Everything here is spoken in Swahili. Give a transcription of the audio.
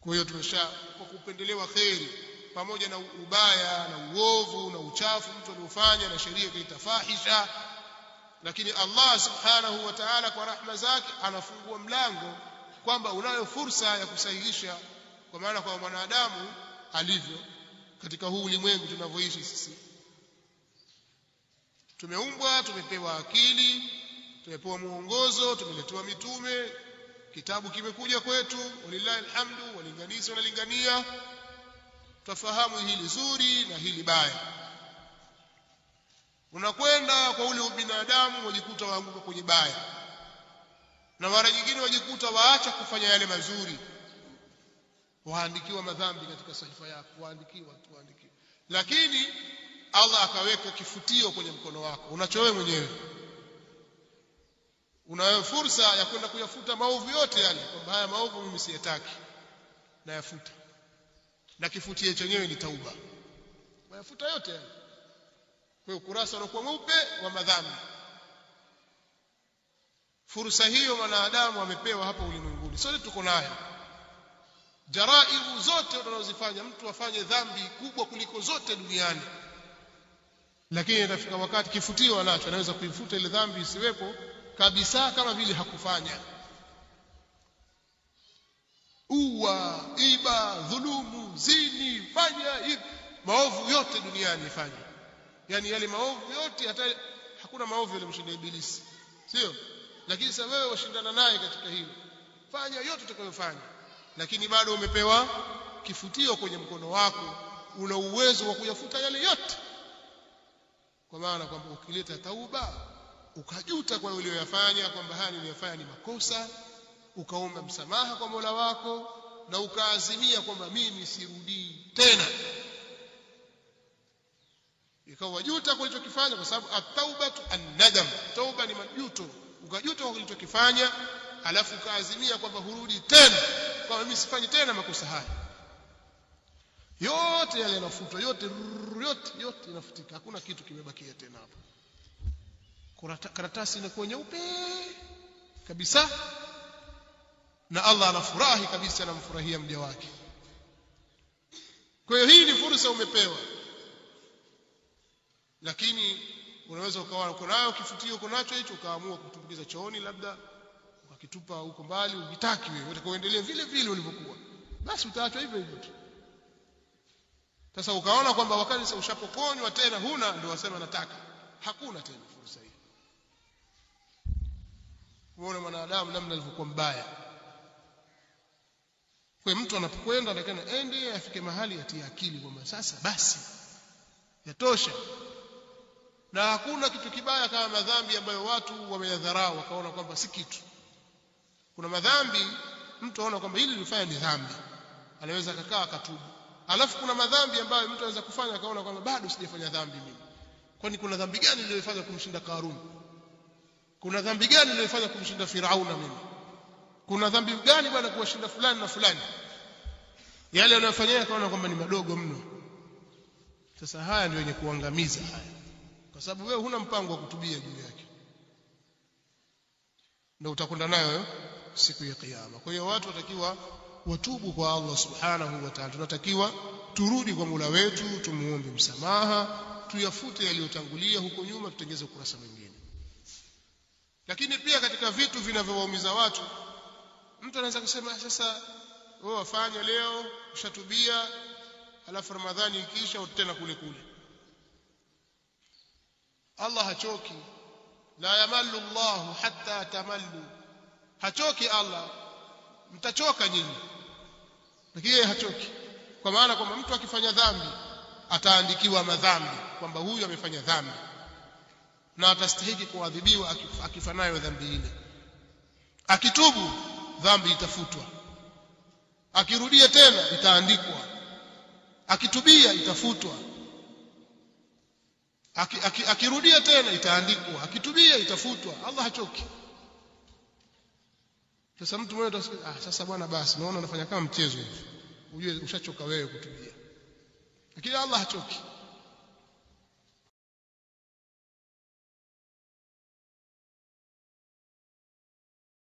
kwa hiyo tumesha kwa kupendelewa kheri pamoja na ubaya na uovu na uchafu mtu aliofanya na sheria ikaita fahisha lakini Allah subhanahu wa ta'ala kwa rahma zake anafungua mlango kwamba unayo fursa ya kusahihisha kwa maana kwa mwanadamu alivyo katika huu ulimwengu tunavyoishi sisi tumeumbwa tumepewa akili tumepewa mwongozo tumeletewa mitume kitabu kimekuja kwetu walillahi alhamdu walinganizi wanalingania tafahamu hili zuri na hili baya unakwenda kwa ule ubinadamu wajikuta waanguka kwenye baya na mara nyingine wajikuta waacha kufanya yale mazuri waandikiwa madhambi katika sahifa yako waandikiwa tuandikiwa lakini Allah akaweka kifutio kwenye mkono wako unacho wewe mwenyewe unayo fursa ya kwenda kuyafuta maovu yote yale kwamba haya maovu mimi siyataki nayafuta na kifutie chenyewe ni tauba wayafuta yote yale kwa ukurasa unakuwa mweupe wa madhambi fursa hiyo mwanadamu amepewa hapa ulimwenguni sote tuko nayo jaraibu zote tunazozifanya mtu afanye dhambi kubwa kuliko zote duniani lakini inafika wakati kifutio anacho anaweza kuifuta ile dhambi isiwepo kabisa kama vile hakufanya uwa iba dhulumu zini fanya hivi maovu yote duniani fanya yani yale maovu yote hata hakuna maovu mshinda ibilisi sio lakini sasa wewe washindana naye katika hilo fanya yote utakayofanya lakini bado umepewa kifutio kwenye mkono wako una uwezo wa kuyafuta yale yote kwa maana kwamba ukileta tauba ukajuta kwa uliyoyafanya kwamba haya niliyofanya ni makosa ukaomba msamaha kwa Mola wako na ukaazimia kwamba mimi sirudii tena ikawajuta juta kwa ulichokifanya kwa sababu at-taubatu an-nadam tauba ni majuto ukajuta kwa ulichokifanya alafu ukaazimia kwamba hurudi tena kwamba mimi sifanyi tena makosa haya yote yale yanafutwa yote yote yote inafutika hakuna kitu kimebakia tena hapo karatasi inakuwa nyeupe kabisa na Allah anafurahi kabisa anamfurahia mja wake kwa hiyo hii ni fursa umepewa lakini unaweza ukawa uko nayo kifutio uko nacho hicho ukaamua kutumbukiza chooni labda ukakitupa huko mbali uhitaki wewe utakaoendelea vile vile ulivyokuwa basi utaachwa hivyo hivyo tu sasa ukaona kwamba wakati sasa ushapokonywa tena huna ndio wasema nataka hakuna tena fursa kuona mwanadamu namna alivyokuwa mbaya. Kwa mtu anapokwenda lakini ende eh, afike mahali atie akili kwamba sasa basi yatosha, na hakuna kitu kibaya kama madhambi ambayo watu wameyadharau wakaona kwamba si kitu. Kuna madhambi mtu aona kwamba hili lilifanya ni dhambi, anaweza akakaa akatubu. Alafu kuna madhambi ambayo mtu anaweza kufanya akaona kwamba bado sijafanya dhambi mimi, kwani kuna dhambi gani niliyofanya kumshinda Karuni? kuna dhambi gani iliyofanya kumshinda Firauna mimi kuna dhambi gani bwana kuwashinda fulani na fulani yale unayofanyia kaona kwamba ni madogo mno sasa haya ndio yenye kuangamiza haya kwa sababu wewe huna mpango wa kutubia juu yake ndio utakwenda nayo eh, siku ya kiyama kwa hiyo watu watakiwa watubu kwa Allah subhanahu wa ta'ala tunatakiwa turudi kwa Mola wetu tumuombe msamaha tuyafute yaliyotangulia huko nyuma tutengeze ukurasa mwingine lakini pia katika vitu vinavyowaumiza watu mtu anaweza kusema sasa wewe wafanya leo ushatubia alafu ramadhani ikiisha utena kule kule Allah hachoki la yamallu Allah hatta tamallu hachoki Allah mtachoka nyinyi lakini yeye hachoki kwa maana kwamba mtu akifanya dhambi ataandikiwa madhambi kwamba huyu amefanya dhambi na atastahiki kuadhibiwa akifanayo dhambi ile akitubu dhambi itafutwa akirudia tena itaandikwa akitubia itafutwa aki, aki, akirudia tena itaandikwa akitubia itafutwa Allah hachoki sasa mtu mmoja atasema ah sasa bwana basi naona unafanya kama mchezo hivi ujue ushachoka wewe kutubia lakini Allah hachoki